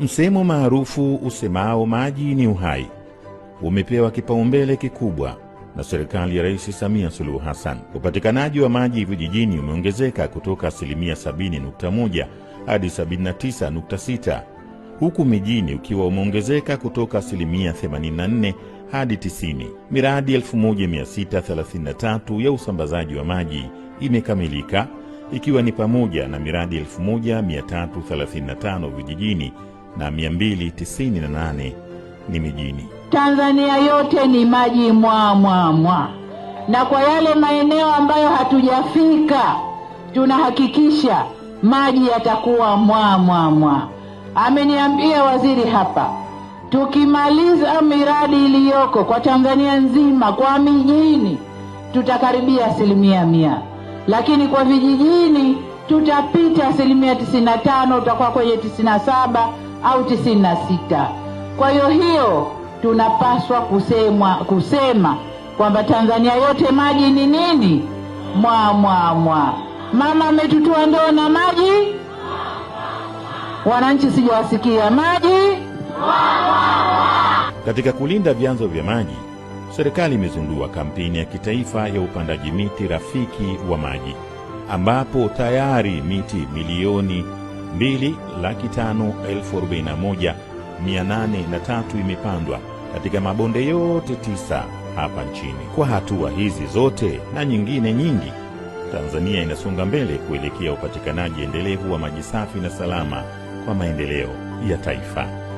Msemo maarufu usemao maji ni uhai umepewa kipaumbele kikubwa na serikali ya Rais Samia Suluhu Hassan. Upatikanaji wa maji vijijini umeongezeka kutoka asilimia 70.1 hadi 79.6 huku mijini ukiwa umeongezeka kutoka asilimia 84 hadi 90. Miradi 1633 ya usambazaji wa maji imekamilika ikiwa ni pamoja na miradi 1335 vijijini na 298 ni mijini. Tanzania yote ni maji mwamwamwa mwa. Na kwa yale maeneo ambayo hatujafika tunahakikisha maji yatakuwa mwamwamwa mwa. Ameniambia waziri hapa tukimaliza miradi iliyoko kwa Tanzania nzima kwa mijini tutakaribia asilimia mia, lakini kwa vijijini tutapita asilimia tisini na tano, tutakuwa kwenye tisini na saba au tisini na sita. Kwa hiyo hiyo tunapaswa kusema, kusema kwamba Tanzania yote maji ni nini? Mwamwamwa. Mama ametutua ndoo na maji, wananchi sijawasikia maji. Katika kulinda vyanzo vya maji, serikali imezindua kampeni ya kitaifa ya upandaji miti rafiki wa maji ambapo tayari miti milioni 2,541,803 imepandwa katika mabonde yote tisa hapa nchini. Kwa hatua hizi zote na nyingine nyingi, Tanzania inasonga mbele kuelekea upatikanaji endelevu wa maji safi na salama kwa maendeleo ya taifa.